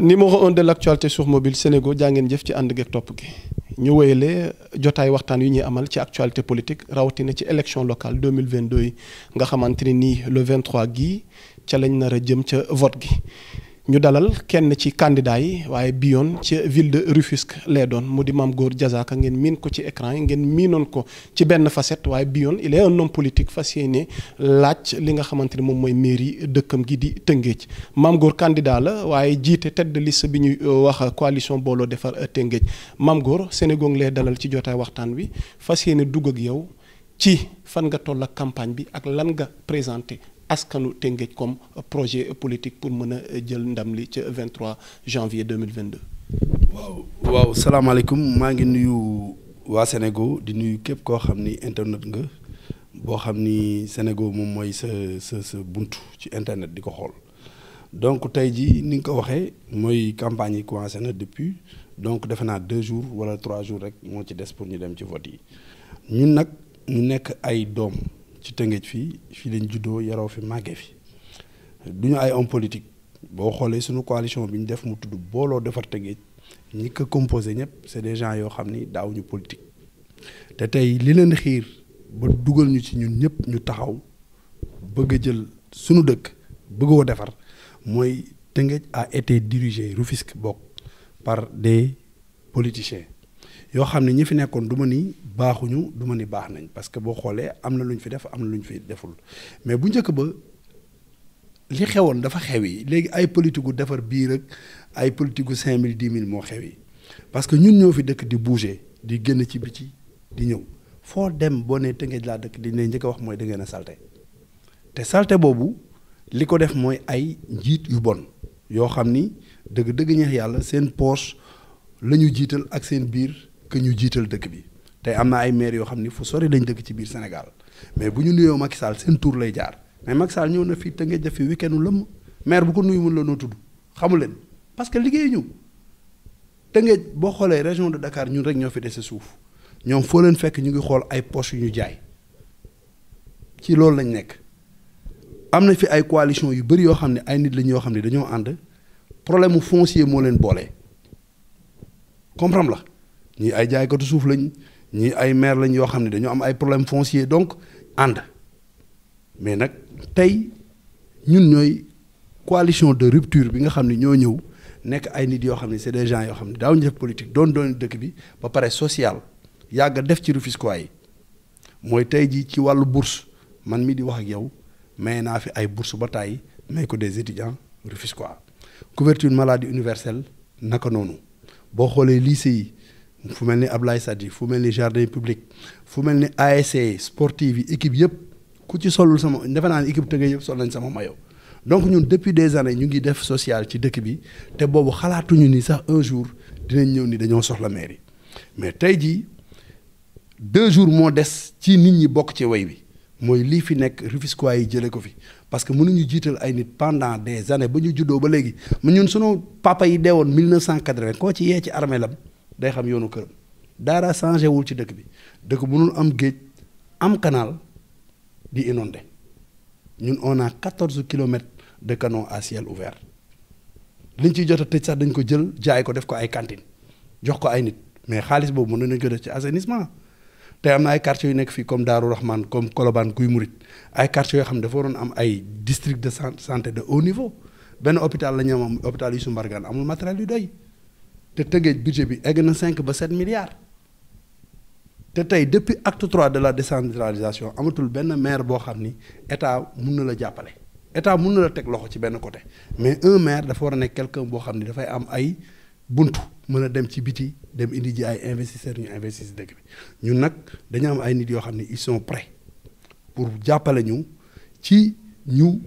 numéro un de l'actualité sur mobile Sénégal jaa ngeen jëf ci ànd geeg topp gi ñu wéyale jotaay waxtaan yu ñuy amal ci actualité politique rawatina ci élection locale 2022 yi nga xamante ne nii le 23 gii ca lañ nar a jëm ca vote gi ñu dalal kenn ci candidat yi waaye bi yoon ci ville de Rufisque lay doon mu di Mame Gor Diazaka ngeen miin ko ci écran yi ngeen miinoon ko ci benn facette waaye bi yoon il est un homme politique fas yéene laaj li nga xamante ne moom mooy mairie dëkkam gi di Tëngéej Mame Gor candidat la waaye jiite tête de bi ñuy euh, wax coalition booloo defar Tëngéej Mame Gor Sénégal lay dalal ci jotaay waxtaan wi fas yéene dugg ak yow ci fan nga toll ak campagne bi ak lan nga présenté askanu Tëngéej comme projet politique pour mën a jël ndam li ca 23 janvier 2022. waaw waaw salaamaaleykum maa ngi nuyu waa Sénégal di nuyu képp koo xam ni internet nga boo xam ni Sénégal moom mooy sa sa sa buntu ci internet di ko xool donc tey jii ni nga ko waxee mooy campagne yi commencé na depuis donc defe naa deux jours wala trois jours rek moo ci des pour ñu dem ci vote yi ñun nag ñu nekk ay doom. ci Tëngéej fii fii leen juddoo yaroo fi màggee fi du ñu ay homme politique boo xoolee suñu coalition bi ñu def mu tudd booloo defar Tëngéej ñi ko composé ñëpp c'est des gens yoo xam ni daawuñu politique te tey li leen xiir ba dugal ñu ci ñun ñëpp ñu taxaw bëgg jël suñu dëkk bëggoo defar mooy Tëngéej a été dirigé Rufisque bokk par des politiciens yoo xam ne ñi fi nekkoon du ma ni baaxuñu duma ni baax nañ parce que boo xoolee am na lu ñu fi def am na lu ñu fi deful mais bu njëkk ba li xewoon dafa xew yi léegi ay politique gu defar biir ak ay politique gu cinq mille dix mille moo xew yi parce que ñun ñoo fi dëkk di bouger di génn ci ci di ñëw foo dem boo nee Tëngéej laa dëkk di ne njëkk wax mooy da ngeen a salte te salte boobu li ko def mooy ay njiit yu bon yoo xam ni dëgg dëgg ñeex yàlla seen poche la ñu jiital ak seen biir. que ñu jiital dëkk bi tey am na ay maire yoo xam ni fu sori lañ dëkk ci biir Sénégal mais bu ñu nuyoo Macky Sall seen tour lay jaar mais Macky Sall ñëw na fii te nga def fi week-end lëmm maire bu ko nuyu mën la noo tudd xamu leen parce que liggéey ñu te nga boo xoolee région de Dakar ñun rek ñoo fi dese suuf ñoom foo leen fekk ñu ngi xool ay poches yu ñu jaay ci loolu lañ nekk am na fi ay coalition yu bëri yoo xam ne ay nit lañ yoo xam ne dañoo ànd problème mu foncier moo leen boole comprendre la ñii ay jaaykatu suuf lañ ñii ay maire lañ yoo xam ne dañoo am ay problème foncier donc ànd mais nag tey ñun ñooy coalition de rupture bi nga xam ne ñoo ñëw nekk ay nit yoo xam ne c'est des gens yoo xam ne daaw ñu def politique doon doon dëkk bi ba pare social yàgg def ci Rufisquois yi mooy tey jii ci wàllu bourse man mi di wax ak yow may naa fi ay bourse ba tàyyi may ko des étudiants Rufisquois couverture maladie universelle naka noonu boo xoolee lycée yi fu mel ni Ablaye Sadji fu mel ni jardin public fu mel ni ASC sportive yi équipe yëpp ku ci solul sama defe naa ne équipe tëgg yëpp sol nañ sama maillot donc ñun depuis des années ñu ngi def social ci dëkk bi te boobu xalaatuñu ni sax un jour dinañ ñëw ni dañoo soxla maire yi mais tey jii deux jours moo des ci nit ñi bokk ci way bi mooy lii fi nekk Rufisquois yi jëlee ko fi parce que mënuñu jiital ay nit pendant des années ba ñu juddoo ba léegi ñun sunu papa yi deewoon 1980 koo ci ci armée lam day xam yoonu këram daara changé wul ci dëkk bi dëkk bu nul am géej am canal di inondé ñun on a quatorze kilomètres de canon à ciel ouvert liñ ciy jot a tëj sax dañ ko jël jaay ko def ko ay cantine jox ko ay nit mais xaalis boobu mën nañu ko def ci assainissement te am na ay quartiers yu nekk fii comme Daaru Rahman comme Colobane Guy Murit ay quartiers yoo xam ne dafoo waroon am ay district de santé de haut niveau benn hôpital la ñu am hôpital Youssou Mbargane amul matériel yu doy. te tegee budget bi egg na cinq ba sept milliards te tey depuis acte trois de la décentralisation amatul benn maire boo xam ni état mun na la jàppale état mun na la teg loxo ci benn côté mais un maire dafa war a nekk quelqu'un boo xam ni dafay am ay buntu mën a dem ci biti dem indi ji ay investisseurs ñu investir si dëkk ñun nag dañu am ay nit yoo xam ne ils sont prêts pour jàppale ñu ci ñu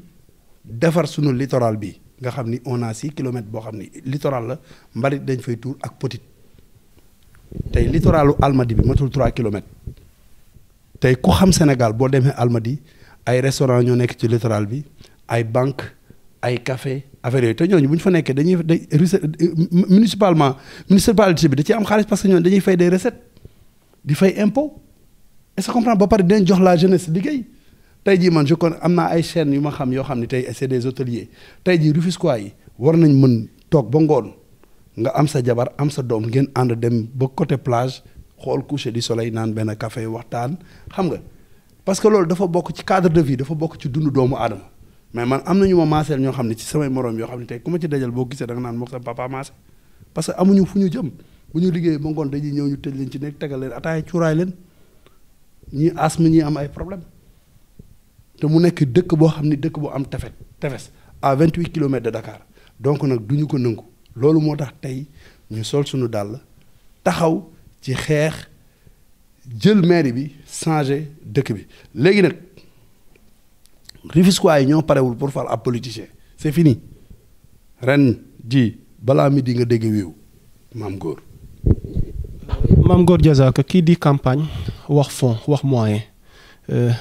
defar sunu littoral bi nga xam ni on a six kilomètres boo xam ni littoral la mbari dañ fay tuur ak petite tey littoralu Almadi bi matul trois kilomètres tey ku xam Sénégal boo demee Almadi ay restaurant ñoo nekk ci littoral bi ay banque ay café affaire yooyu te ñooñu bu ñu fa nekkee dañuy day municipalement municipalité bi da ciy am xaalis parce que ñooñu dañuy fay des recettes di fay impo est-ce que ba pare dinañ jox la jeunesse liggéey tey jii man je connais am naa ay chaînes yu ma xam yoo xam ne tey c'est des hôteliers tey jii Rufisquois yi war nañ mën toog ba ngoon nga am sa jabar am sa doom ngeen ànd dem ba côté plage xool coucher du soleil naan benn café waxtaan xam nga parce que loolu dafa bokk ci cadre de vie dafa bokk ci dundu doomu aadama mais man am na ñu ma maaseel ñoo xam ne ci samay moroom yoo xam ne tey ku ma ci dajal boo gisee da nga naan mook sa papa maase parce que amuñu fu ñu jëm bu ñu liggéey ba ngoon dañuy ñëw ñu tëj leen ci nekk tegal leen ataaya cuuraay leen ñii asthme ñii am ay te mu nekk dëkk boo xam ne dëkk boo am tefet tefes à vingt huit kilomètres de Dakar donc nag duñu ko nëngu loolu moo tax tey ñu sol suñu dàll taxaw ci xeex jël mairie bi changé dëkk bi léegi nag Rufisquois yi ñoo parewul pour fal ab politicien c'est fini ren ji balaa mi di nga dégg wiiw maam góor maam góor Diazaka kii di campagne wax fond wax moyen euh,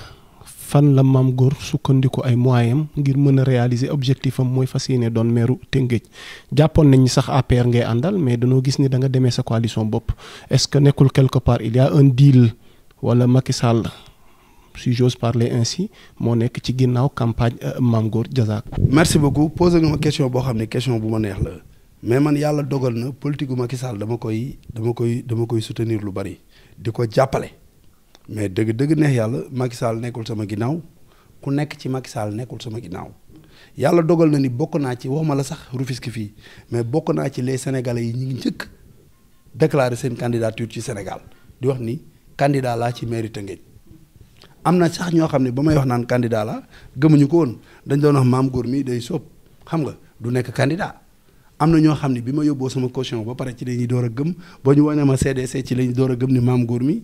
fan la maam góor sukkandiku ay moyens ngir mën a réaliser objectif am mooy fas yéene doon meeru Tëngéej jàppoon nañ sax APR ngay àndal mais danoo gis ni da nga demee sa coalition bopp est-ce que nekkul quelque part il y un deal wala Macky Sall si j'ose parler ainsi moo nekk ci ginnaaw campagne euh, maam góor jazaak. merci beaucoup posé nga ma question boo xam ne question bu ma neex la mais man yàlla dogal na politique gu Macky Sall dama koy dama koy dama koy soutenir lu bari di ko jàppale. mais dëgg dëgg neex yàlla Macky Sall nekkul sama ginnaaw ku nekk ci Macky Sall nekkul sama ginnaaw yàlla dogal na ni bokk naa ci waxuma la sax Rufisque fii mais bokk naa ci les sénégalais yi ñu ngi njëkk déclarer seen candidature ci Sénégal di wax ni candidat laa ci mairie Tëngéej am na sax ñoo xam ne ba may wax naan candidat la gëmuñu ko woon dañ doon wax maam góor mii day soob xam nga du nekk candidat am na ñoo xam ne bi ma yóbboo sama caution ba pare ci la door a gëm ba ñu wane ma CDC ci la ñuy a gëm ni maam góor mi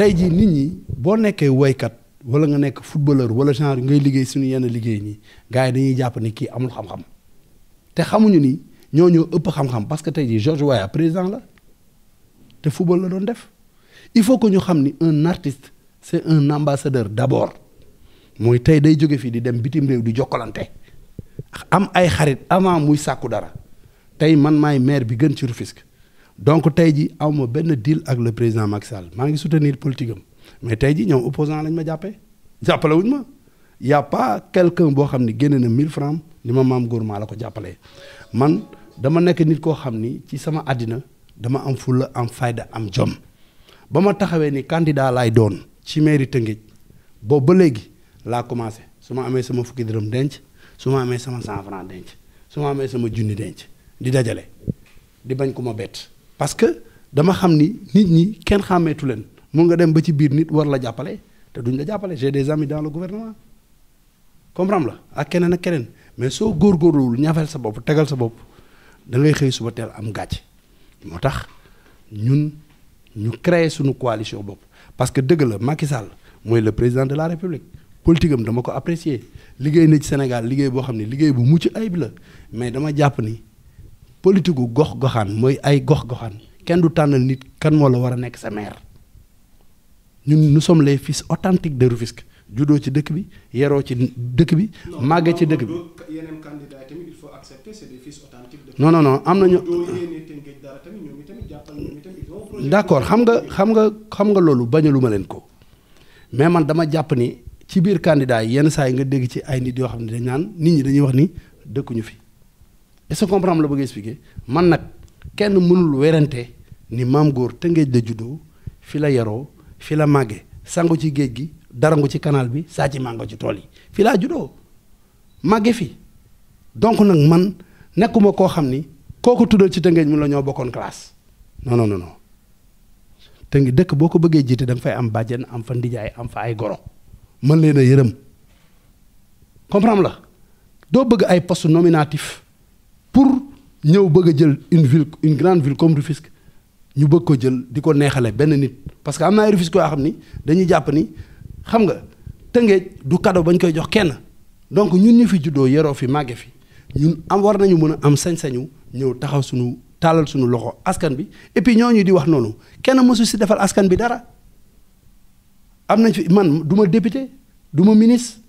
tey jii nit ñi boo nekkee woykat wala nga nekk footballeur wala genre ngay liggéey suñu yenn liggéey ñi gars yi dañuy jàpp ni kii amul xam-xam te xamuñu ni ñoo ñoo ëpp xam-xam parce que tey jii George président la te football la doon def il faut que ñu xam ni un artiste c'est un ambassadeur d'abord mooy tey day jóge fii di dem bitim réew di jokkalante am ay xarit avant muy sàkku dara tey man maay maire bi gën ci Rufisque donc tey ji awma benn deal ak le président Macky maa ngi soutenir politique am mais tey ji ñoom opposant lañ ma jàppee jàppale wuñ ma yàppa quelque boo xam ni génne na mille francs ni ma maam góor maa la ko jàppale man dama nekk nit koo xam ni ci sama àddina dama am fulla am fayda am jom ba ma taxawee ni candidat laay doon ci mairie Tëngéej boobu ba léegi laa commencé su ma amee sama fukki dërëm denc su ma amee sama 100 francs denc su amee sama junni denc di dajale di bañ ku ma bett parce que dama xam ni nit ñi kenn xàmmeetu leen mun nga dem ba ci biir nit war la jàppale te duñ la jàppale j'ai des amis dans le gouvernement comprendre la ak keneen ak keneen mais soo góor góorgóorluwul ñaafal sa bopp tegal sa bopp da xëy suba teel am gàcc moo tax ñun ñu créer suñu coalition bopp parce que dëgg la Macky Sall mooy le président de la République politique dama ko apprécier liggéey nañ ci Sénégal liggéey boo xam ne liggéey bu mucc ayib la mais dama jàpp ni. politique gu gox goxaan mooy ay gox goxaan kenn du tànnal nit kan moo la war a nekk sa maire ñun nous sommes les fils authentiques de Rufisque juddoo ci dëkk bi yeroo ci dëkk bi màggee ci dëkk bi yeneen candidat tamit il faut accepter am nañu d'accord xam nga xam nga xam nga loolu bañalu leen ko mais man dama jàpp ni ci biir candidat yenn saa yi nga dégg ci ay nit yoo xam ne dañ naan nit ñi dañuy wax ni dëkkuñu fi est-ce la bëgg expliquer man nag kenn mënul werante ni maam góor Tëngéej la juddoo fi la yaroo fi la màgge sangu ci géej gi dara nga ci kanaal bi saa ci mango ci tool yi fi laa juddoo màgge fi donc nag man nekkuma koo xam ni kooku tuddal ci Tëngéej mu la ñoo bokkoon classe non non non dëkk boo ko bëggee jiite da fay am bàjjen am fa ndijaay am fa ay goro mën leen a yërëm comprendre la doo bëgg ay post nominatif pour ñëw bëgg jël une ville une grande ville comme Rufisque ñu bëgg ko jël di ko neexale benn nit parce que am na ay Rufisque yoo xam ni dañuy jàpp ni xam nga tëngeej du cadeau bañ koy jox kenn donc ñun ñu fi juddoo yeroo fi màgge fi ñun am war nañu mën a am sañ-sañu ñëw taxaw suñu taalal suñu loxo askan bi et puis ñooñu di wax noonu kenn mësu si defal askan bi dara am nañ fi man du ma député du ma ministre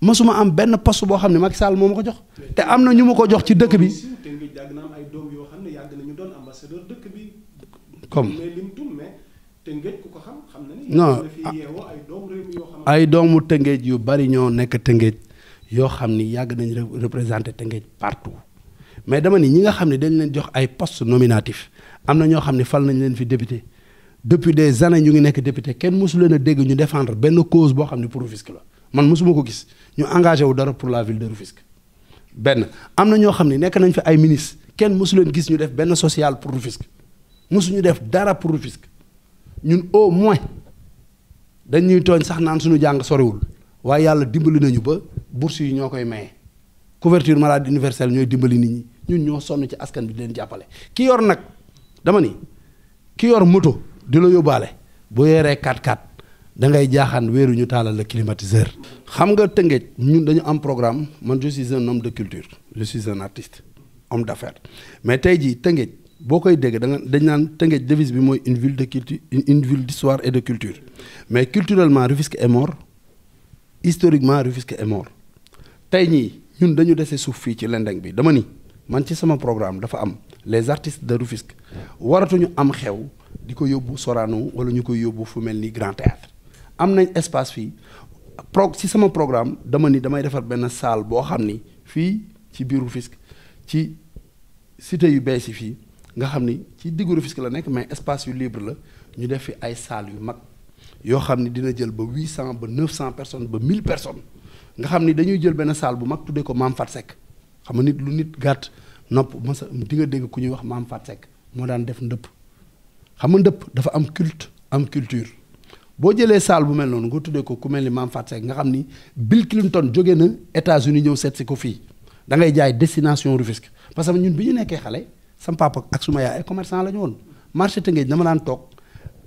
mësuma am benn poste boo xam ne Macky Sall moo ko jox te am na ñu ma ko jox ci dëkk bi comme non ah, ay doomu tëngéej yu bari ñoo nekk tëngéej yoo xam ni yàgg nañ représenté tëngéej partout mais dama ni ñi nga xam ne dañ leen jox ay post nominatif am na ñoo xam ne fal nañ leen fi député depuis des années ñu ngi nekk député kenn mosu leen a dégg ñu défendre benn cause boo xam ne pour Rufisque la man masuma ko gis ñu engagé wu dara pour la ville de Rufisque benn am na ñoo xam ne nekk nañ fi ay ministre kenn mosu leen gis ñu def benn social pour Rufisque mosu ñu def dara pour Rufisque ñun au moins dañuy tooñ sax naan suñu jàng soriwul waaye yàlla dimbali nañu ba bourse yi ñoo koy maye couverture maladie universelle ñooy dimbali nit ñi ñun ñoo sonn ci askan bi di leen jàppale ki yor nag dama ni ki yor moto di la yóbbaale bu yoree 4-4 da ngay jaaxaan wéeru ñu taalal la climatiseur. xam nga Tëngéej ñun dañu am programme man je suis un homme de culture je suis un artiste homme d'affaires mais tey jii Tëngéej boo koy dégg danga nga dañ naan Tëngéej devise bi mooy une ville de culture une ville d'histoire et de culture mais culturellement Rufisque est mort historiquement Rufisque est mort tey ñii ñun dañu dese suuf fii ci lendeng bi dama ni man ci sama programme dafa am les artistes de Rufisque waratuñu am xew di ko yóbbu Sorano wala ñu koy yóbbu fu mel ni Grand am nañ espace fii pro ci sama programme dama ni damay defar benn salle boo xam ni fii ci biiru Rufisque ci site yu bees yi fii nga xam ni ci diggu Rufisque la nekk mais espace yu libre la ñu def fi ay salles yu mag yoo xam ni dina jël ba huit cent ba neuf cent personnes ba mille personnes nga xam ni dañuy jël benn salle bu mag tuddee ko Maam Fat Seck xam nga nit lu nit gàtt nopp masa di nga dégg ku ñuy wax Maam Fat Seck moo daan def ndëpp xam nga ndëpp dafa am culte am culture boo jëlee saal bu mel noonu nga tuddee ko ku mel ni Mame Fatou Seck nga xam ni Bill Clinton jóge na États-Unis ñëw seet si ko fii dangay ngay jaay destination Rufisque parce que ñun bi ñu nekkee xale sam papa ak suma yaay ay commerçant la ñu woon marché Tëngéej dama daan toog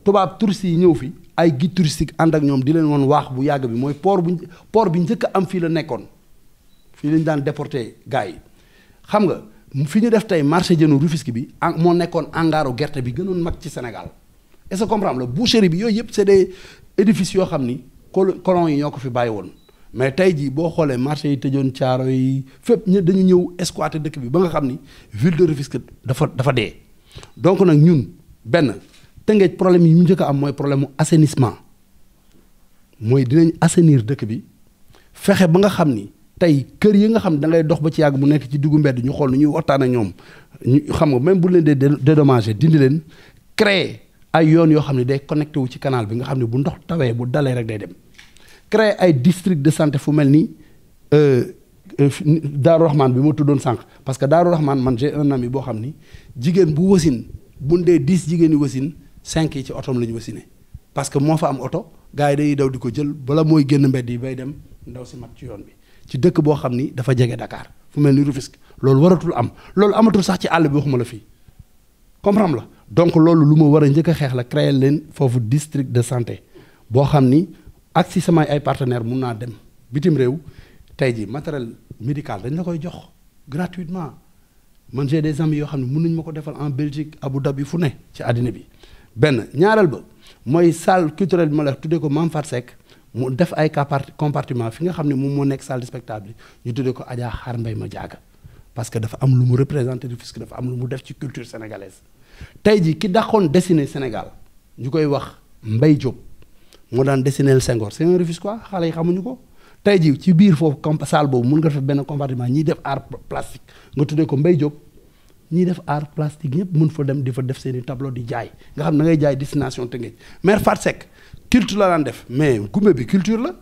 tubaab touristes yi ñëw fi ay guide touristique ànd ak ñoom di leen woon waax bu yàgg bi mooy port bu port bi njëkk am fii la nekkoon fii lañu daan déporté gars yi xam nga fi ñu def tey marché jënu Rufisque bi ah, moo nekkoon angaaru gerte bi gënoon mag ci Sénégal est-ce que comprendre la boucherie bi yooyu yëpp c'est des édifices yoo xam ni colon yi ñoo ko fi bàyyi woon mais tey jii boo xoolee marché yi tëjoon caaro yi fépp ñu dañu ñëw esquatter dëkk bi ba nga xam ni ville de Rufisque dafa dafa dee donc nag ñun benn tëngeej problème yi ñu njëkk a am mooy problème mu assainissement mooy dinañ assenir dëkk bi fexe ba nga xam ni tey kër yi nga xam da ngay dox ba ci yàgg mu nekk ci diggu mbedd ñu xool nu ñuy waxtaan ak ñoom ñu xam nga même bu leen dee dédommagé dindi leen créer ay yoon yoo xam ne day connecté wu ci kanaal bi nga xam ne bu ndox tawee bu dalee rek day dem créer ay district de santé fu mel ni euh, euh, Daaru Rahman bi ma tuddoon sànq parce que Daaru Rahman man j'ai un boo xam ni jigéen bu wasin bu dee dix jigéen yi wasin cinq ci otoom la ñu wasine parce que moo fa am oto gars yi dañuy daw di ko jël bala mooy génn mbedd yi bay dem ndaw si mat ci yoon bi ci dëkk boo xam ni dafa jege Dakar fu mel ni Rufisque loolu waratul am loolu amatul sax ci àll bi waxuma la fii comprendre la donc loolu lu ma war a njëkk a xeex la créer leen foofu district de santé boo xam ni ak si samay ay partenaires mun naa dem bitim réew tey ji matériel médical dañ la koy jox gratuitement man j'ai des amis yoo xam ne mun nañ ma ko defal en Belgique Abu Dhabi fu ne ci àddina bi benn ñaareel ba mooy salle culturelle bi ma la tuddee ko Mame Fatou Seck mu def ay compartiment fi nga xam ne moom moo nekk salle de spectacle ñu tuddee ko Adja Xaar Mbay ma jaaga parce que dafa am lu mu représenté du Rufisque dafa am lu mu def ci culture sénégalaise tey ji ki dàqoon dessiner Sénégal ñu koy wax mbay Diop moo daan dessiner Senghor c'est un refus quoi xale yi xamuñu ko tey ji ci biir foofu comp salle boobu mun nga def benn compartiment ñiy def art plastique nga tuddee ko Mbaye Diop ñiy def art plastique ñëpp mun fa dem di fa def seen i tableau di jaay nga xam na ngay jaay destination Tëngéej maire Fat Seck culture la daan def mais gumbe bi culture la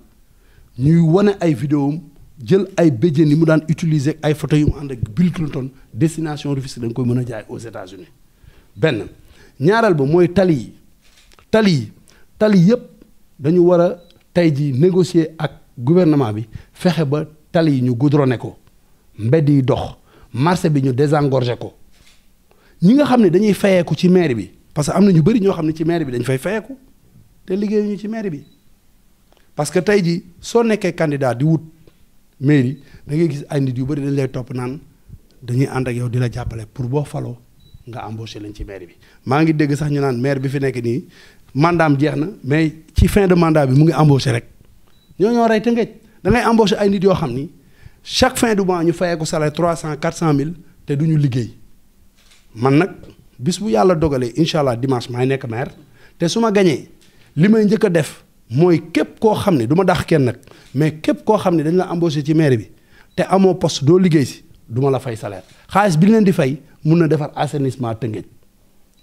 ñuy wane ay vidéom jël ay béjjén yi mu daan utiliser ay photo yu mu ànd ak Bill Clinton destination Rufisque da nga koy a jaay aux benn ñaareel ba mooy tali yi tali yi tali yëpp dañu war a tey ji négocier ak gouvernement bi fexe ba tali yi ñu goudronné ko mbedd yi dox marché bi ñu désengorger ko ñi nga xam ne dañuy fayeeku ci maire bi parce que am na ñu bëri ñoo xam ne ci maire bi dañ fay fayeeku te liggéeyuñu ci maire bi parce que tey ji soo nekkee candidat di wut mairie da ngay gis ay nit yu bëri dañ lay topp naan dañuy ànd ak yow di la jàppale pour boo faloo nga embauché leen ci maire bi maa ngi dégg sax ñu naan maire bi fi nekk nii mandaam jeex na mais ci fin de mandat bi mu ngi embauché rek ñoo ñoo rey Tëngéej da ngay embauché ay nit yoo xam ni chaque fin de mois ñu fayee ko salaire trois cent quatre cent mille te du ñu liggéey man nag bis bu yàlla dogalee incha allah dimanche may nekk maire te su ma gañee li may njëkk def mooy képp koo xam ne du ma kenn nag mais képp koo xam ne dañ la embauché ci maire bi te amoo poste doo liggéey si duma la fay salaire xaalis bi ñu leen di fay mun na defar assainissement Tëngéej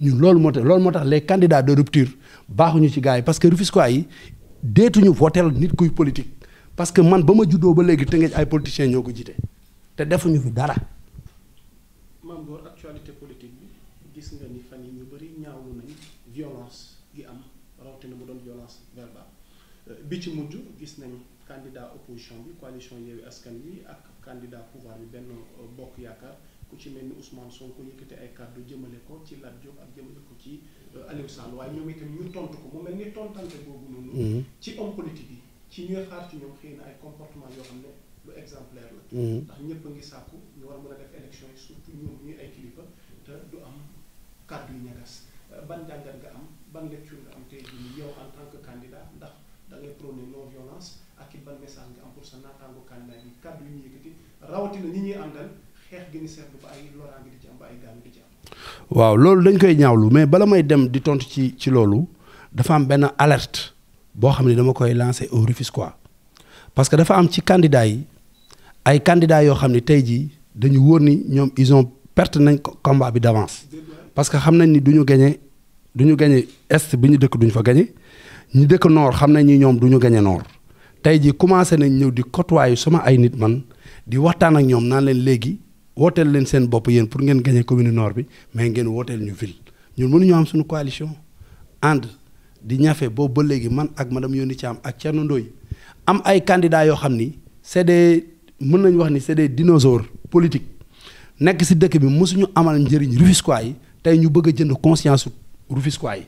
ñu loolu moo tax loolu moo tax les candidats de rupture baaxuñu ci gars yi parce que Rufisquois yi deetuñu votel nit kuy politique parce que man ba ma juddoo ba léegi Tëngéej ay politiciens ñoo ko jite te defuñu fi dara. Mame actualité politique bi gis nga ni fan yi ñu bëri ñaawlu nañ violence gi am rawatina mu doon violence verbale euh, bi ci mujj gis nañu candidat opposition bi coalition Askan Wi candidat pouvoir bi benn bokk yaakaar ku ci mel ni Ousmane Sonko yëkkati ay kàddu jëmale ko ci Lat Diop ak jëmale ko ci euh, Aliou Sall waaye ñoom itam ñu tontu ko mu mel ni tontante boobu noonu. Mhm. ci homme politique yi ci ñuy xaar ci ñoom xëy ay comportement yoo xam ne lu exemplaire la. Mhm. ndax ñëpp a ngi sàkku ñu war a mën a def élection yi surtout ñoom ñuy ay kilifa te du am kàddu yu ñagas euh, ban jàngat nga am ban lecture nga am tey jii yow en tant que candidat ndax da ngay prôné ak waaw loolu dañ koy ñaawlu mais bala may dem di tontu ci ci loolu dafa am benn alerte boo xam ne dama koy lancer au Rufisquois parce que dafa am ci candidat yi ay kandidaa yoo xam ne tey jii dañu wóor ni ñoom ison perte nañ combat bi d'avance parce que xam nañ ni du ñu gagné du ñu gagné est bi ñu dëkk duñu ñu fa gagné ñi dëkk nord xam nañ ni ñoom duñu ñu gagné nord. tey jii commencé nañ ñëw di côtoyer sama ay nit man di waxtaan ak ñoom naan leen léegi wooteel leen seen bopp yéen pour ngeen gagné commune nord bi mais ngeen wooteel ñu ville ñun mënuñoo am suñu coalition ànd di ñafe boobu ba léegi man ak madame Yoni Thiam ak Thierno Ndoye am ay candidats yoo xam ni c'est des mën nañu wax ni c'est des dinosaures politiques nekk si dëkk bi mosuñu amal njëriñ Rufisquois yi tey ñu bëgg a jënd conscience Rufisquois yi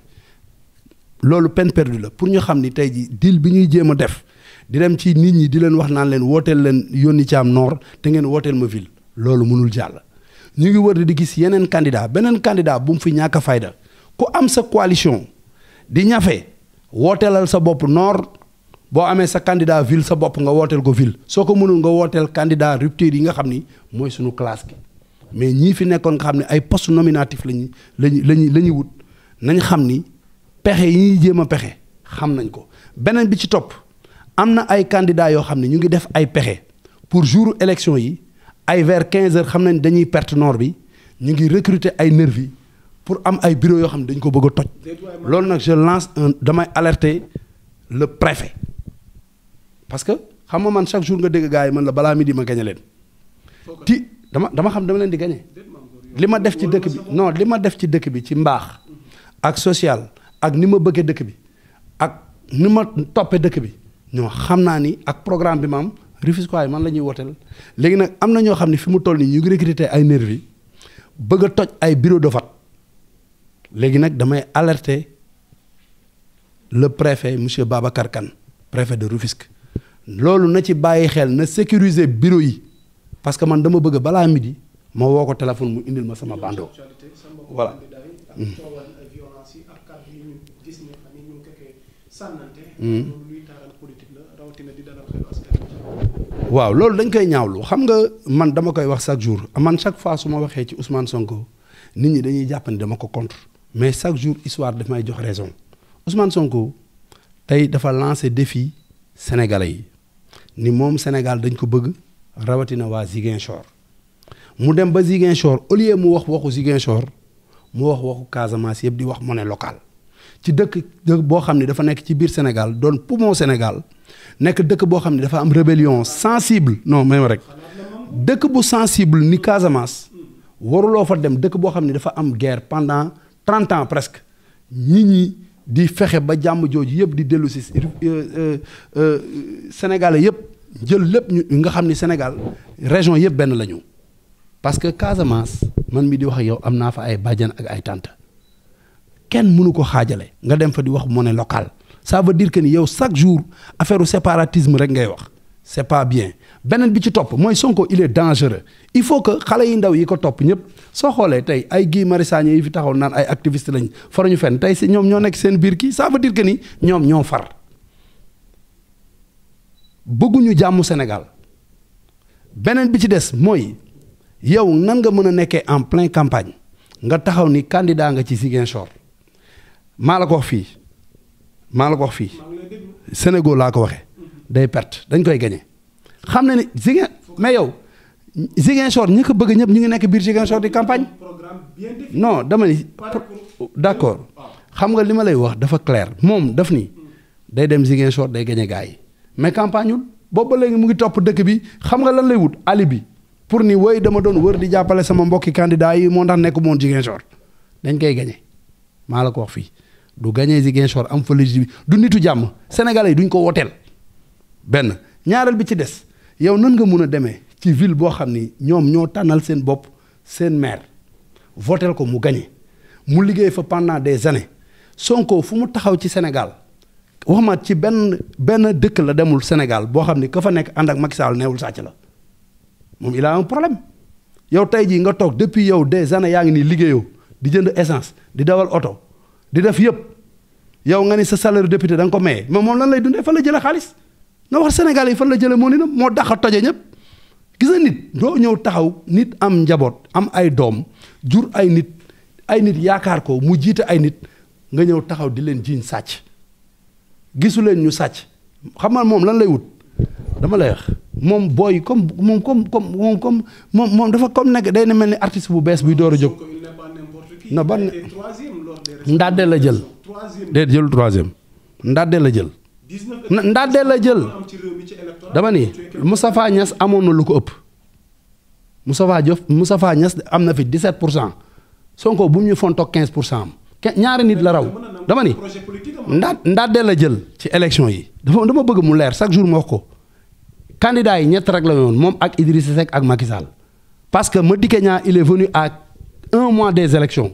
loolu peine perdue la pour ñu xam ni tey jii deal bi ñuy jéem a def. di dem ci nit ñi di leen wax naa leen wooteel leen yónni Thiam Nord te ngeen wooteel ma ville loolu mënul jàll ñu ngi wër di gis yeneen candidat beneen candidat bu mu fi ñàkk a fayda ku am sa coalition di ñafe wooteelal sa bopp Nord boo amee sa candidat ville sa bopp nga wooteel ko ville soo ko mënul nga wooteel candidat rupture yi nga xam ni mooy suñu classe gi mais ñii fi nekkoon nga xam ne ay poste nominatif lañu lañu lañu la ñuy wut nañ xam ni pexe yi ñuy jéem a pexe xam nañ ko beneen bi ci topp am na ay candidats yoo xam ne ñu ngi def ay pexe pour jour élection yi ay vers 15 heures xam nañ dañuy perte nord bi ñu ngi recruter ay nervi pour am ay bureau yoo xam ne dañ ko bëgg a toj. loolu nag je lance un damay alerter le préfet parce que xam nga man chaque jour nga dégg gars yi man la balaa midi ma gañe leen. ti dama dama xam dama leen di gañe li ma def ci dëkk bi non li ma def ci dëkk bi ci mbaax ak social ak ni ma bëggee dëkk bi ak ni ma toppee dëkk bi. ñoo xam naa ni ak programme bi ma am Rufisque man la ñuy wooteel léegi nag am na ñoo xam ne fi mu toll nii ñu ngi recruter ay nervi bëgg a toj ay bureau de vote léegi nag damay alerter le préfet monsieur Babacar kan préfet de Rufisque loolu na ci bàyyi xel na sécuriser bureau yi parce que man dama bëgg balaa midi ma woo ko téléphone mu indil ma sama bando voilà. Mm. rawatina waaw loolu dañ koy ñaawlu xam nga man dama koy wax chaque jour aman chaque fois su ma waxee ci Ousmane Sonko nit ñi dañuy jàpp dama ko contre mais chaque jour histoire daf may jox raison Ousmane Sonko tey dafa lancé défi sénégalais yi ni moom Sénégal dañ ko bëgg rawatina waa Ziguinchor mu dem ba Ziguinchor au lieu mu wax waxu Ziguinchor mu wax waxu Casamance yëpp di wax monnaie local ci dëkk dëkk boo xam ne dafa nekk ci biir Sénégal doon poumon Sénégal nekk dëkk boo xam ne dafa am rébellion sensible non may ma rek dëkk bu sensible ni Casamance waruloo fa dem dëkk boo xam ne dafa am guerre pendant trente ans presque nit ñi di fexe ba jàmm jooju yëpp di dellu si euh, euh, euh, Sénégalais yëpp jël lépp ñu nga xam ni Sénégal région yëpp benn la ñu parce que Casamance man mi di wax yow am naa fa ay bàjjan ak ay tante kenn mënu ko xaajale nga dem fa di wax monnaie locale ça veut dire que ni yow chaque jour affaire séparatisme rek ngay wax c'est pas bien beneen bi ci topp mooy Sonko il est dangereux il faut que xale yi ndaw yi ko topp ñëpp soo xoolee tey ay Guy Marius Sagna yi fi taxaw naan ay activiste lañ faruñu fenn tey si ñoom ñoo nekk seen biir kii ça veut dire ni ñoom ñoo far bëgguñu jàmm Sénégal beneen bi ci des mooy yow nan nga mën a nekkee en pleine campagne nga taxaw ni candidat nga ci Ziguinchor maa la ko wax fii maa la ko wax fii Sénégal laa ko waxee day perte dañ koy gagné xam na ni Ziguin mais yow Ziguinchor ñi ko bëgg ñëpp ñu ngi nekk biir Ziguinchor di campagne non dama ni d'accord xam nga li ma lay wax dafa clair moom daf nii day dem Ziguinchor day gagné gars yi mais campagne wul boobu ba mu ngi topp dëkk bi xam nga lan lay wut alibi pour ni woy dama doon wër di jàppale sama mbokki candidat yi moo tax nekk moom moon soor dañ koy gagné maa la ko wax fii du gañee gagné Ziguinchor am fa légitime du nitu jàmm sénégalais yi duñ ko woteel benn ñaareel bi ci des yow nan nga mun a demee ci ville boo xam ni ñoom ñoo tànnal seen bopp seen maire voteel ko mu gañe mu liggéey fa pendant des années Sonko fu mu taxaw ci senegal wax waxumaa ci benn benn dëkk la demul Sénégal boo xam ni ka fa nekk ànd ak Macky Sall neewul sàcc la moom il a un problème yow tey jii nga toog depuis yow des années yaa ngi nii liggéeyoo di jënd essance di dawal oto di def yëpp. yow nga ni sa salaire député da ko maye mais moom lan lay dundee fan la jëlee xaalis na wax Sénégal yi fan la jëlee moo ni na moo dax a toje ñëpp gis nit doo ñëw taxaw nit am njaboot am ay doom jur ay nit ay nit yaakaar ko mu jiite ay nit nga ñëw taxaw di leen jiiñ sàcc gisu leen ñu sàcc xam nga moom lan lay wut dama lay wax moom booy comme moom comme comme moom comme moom moom dafa comme nekk day na mel ni artiste bu bees buy door a jóg non ban ndàdde la jël déet jël troisième ndàdde la jël ndàdde la jël dama ni Moustapha Niass amoon na lu ko ëpp Moustapha Diop Moustapha Niass am na fi 17 pour cent Sonko bu mu ñu fontoog 15 pour cent am ñaari nit la raw dama ni ndax ndàdde la jël ci élection yi dafa dama bëgg mu leer chaque jour mu ko candidat yi ñett rek la moom ak Idrissa Seck ak Macky Sall parce que Madické Niang il est un mois des élections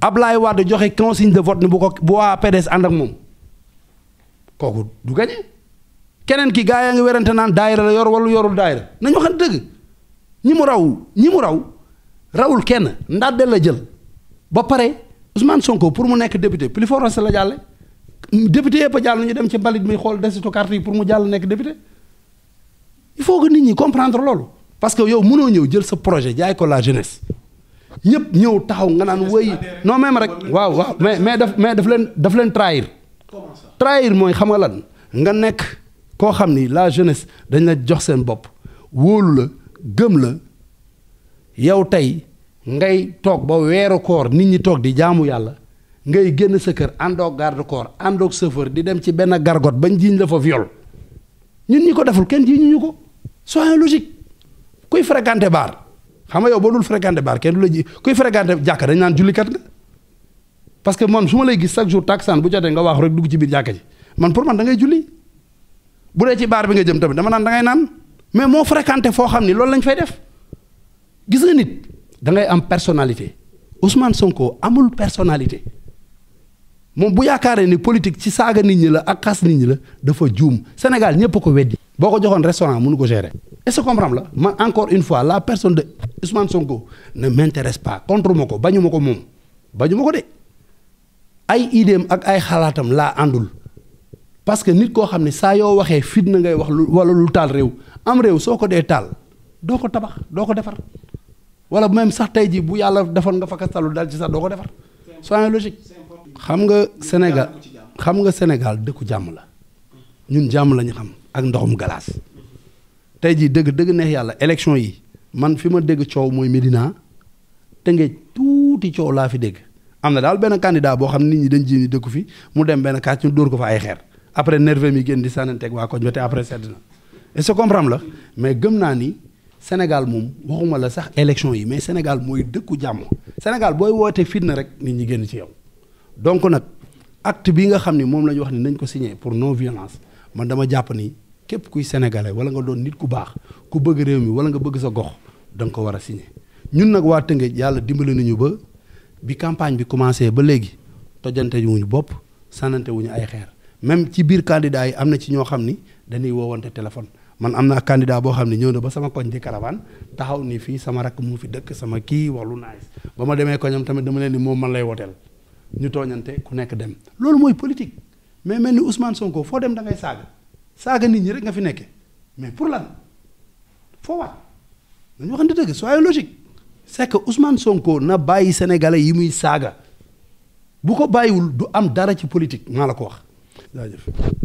Ablaye Wade joxe consigne de vote ni bu ko bu waa PDS ànd ak moom kooku du gañe keneen ki gaa yaa ngi werante naan daayira la yor wala yorul daayira nañu xam dëgg ñi mu raw ñi mu raw rawul kenn ndàddeel la jël ba pare Ousmane Sonko pour mu nekk député plus fort la jàlle député yëpp a jàll ñu dem ci mbalit mi xool desitu carte yi pour mu jàll nekk député il faut que nit ñi comprendre loolu parce que yow mënoo ñëw jël sa projet jaay ko la jeunesse ñëpp ñëw taxaw nga naan woy non même rek waaw waaw mais mais daf mais daf leen daf leen trahir trahir mooy xam nga lan nga nekk koo xam ni la jeunesse dañ la jox seen bopp wóolu la gëm la yow tey ngay toog ba weeru koor nit ñi toog di jaamu yàlla ngay génn sa kër àndoog garde corps àndoog chauffeur di dem ci benn gargote bañ jiiñ la fa viol ñun ñi ko deful kenn jiiñu ñu ko soyons logique kuy fréquenté baar xam nga yow boo dul fréquenté baar kenn du la ji kuy fréquenté jàkka dañ naan jullikat nga parce que man su ma lay gis chaque jour taksaan bu jotee nga waax rek dugg ci biir jàkk ji man pour man da ngay julli bu dee ci baar bi nga jëm tamit dama naan da naan mais moo fréquenté foo xam ni loolu lañ fay def gis nga nit da ngay am personnalité Ousmane Sonko amul personnalité moom bu yaakaaree ni politique ci saaga nit ñi la ak xas nit ñi la dafa juum Sénégal ñëpp ko weddi boo ko joxoon restaurant munu ko gérer est-ce que comprendre la man encore une fois la personne de Ousmane Sonko ne m'intéresse pas contre ma ko bañu ma ko moom bañu ma ko de ay idéem ak ay xalaatam laa àndul parce que nit koo xam ne saa yoo waxee fit na ngay wax lu wala lu taal réew am réew soo ko dee taal doo ko tabax doo ko defar wala même sax tey jii bu yàlla defoon nga fa kastalu dal ci sax doo ko defar soyons logique xam nga Sénégal xam nga Sénégal dëkku jàmm la ñun jàmm la xam ak ndoxum galaas tey jii dëgg dëgg neex yàlla élection yi man fi ma dégg coow mooy Médina Tëngéej tuuti coow laa fi dégg am na daal benn candidat boo xam nit ñi dañ ji ni dëkku fi mu dem benn kàcc ñu dóor ko fa ay xeer après nerveux mi génn di sànnanteeg waa koñ ba te après sedd na est-ce que la mais gëm naa ni Sénégal moom waxuma la sax élection yi mais Sénégal mooy dëkku jàmm Sénégal booy wootee fitna rek nit ñi génn ci yow donc nag acte bi nga xam ni moom la ñu wax ni nañ ko signé pour non violence man dama jàpp ni képp kuy sénégalais wala nga doon nit ku baax ku bëgg réew mi wala nga bëgg sa gox da nga ko war a signé ñun nag waa Tëngéej yàlla dimbali nañu ba bi campagne bi commencé ba léegi tojante wuñu bopp sanante wuñu ay xeer même ci biir candidat yi am na ci ñoo xam ni dañuy woowante téléphone man am na candidat boo xam ne ñëw na ba sama koñ di caravane taxaw ni fii sama rakk mu fi dëkk sama kii wax lu naaj ba ma demee koñam tamit dama leen di moom man lay woteel ñu tooñante ku nekk dem loolu mooy politique mais mel ni Ousmane Sonko foo dem da ngay saaga nit ñi rek nga fi nekke mais pour lan foo waat dañu waxante dëgg soyez logique c'est que Sonko na bàyyi sénégalais yi muy saaga bu ko bàyyiwul du am dara ci politique maa la ko wax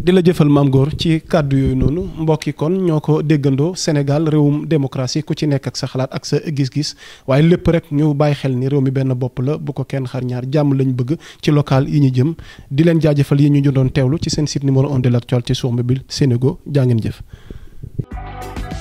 di la jëfal maam ci kàddu yooyu noonu mbokki kon ñoo ko déggandoo Sénégal réewum démocratie ku ci nekk ak sa xalaat ak sa gis-gis waaye lépp rek ñu bàyyi xel ni réew mi benn bopp la bu ko kenn xar ñaar jàmm lañ bëgg ci local yi ñu jëm di leen jaajëfal yi ñu doon teewlu ci seen site numéro 1 de l'actualité sur mobile Sénégo jaa ngeen jëf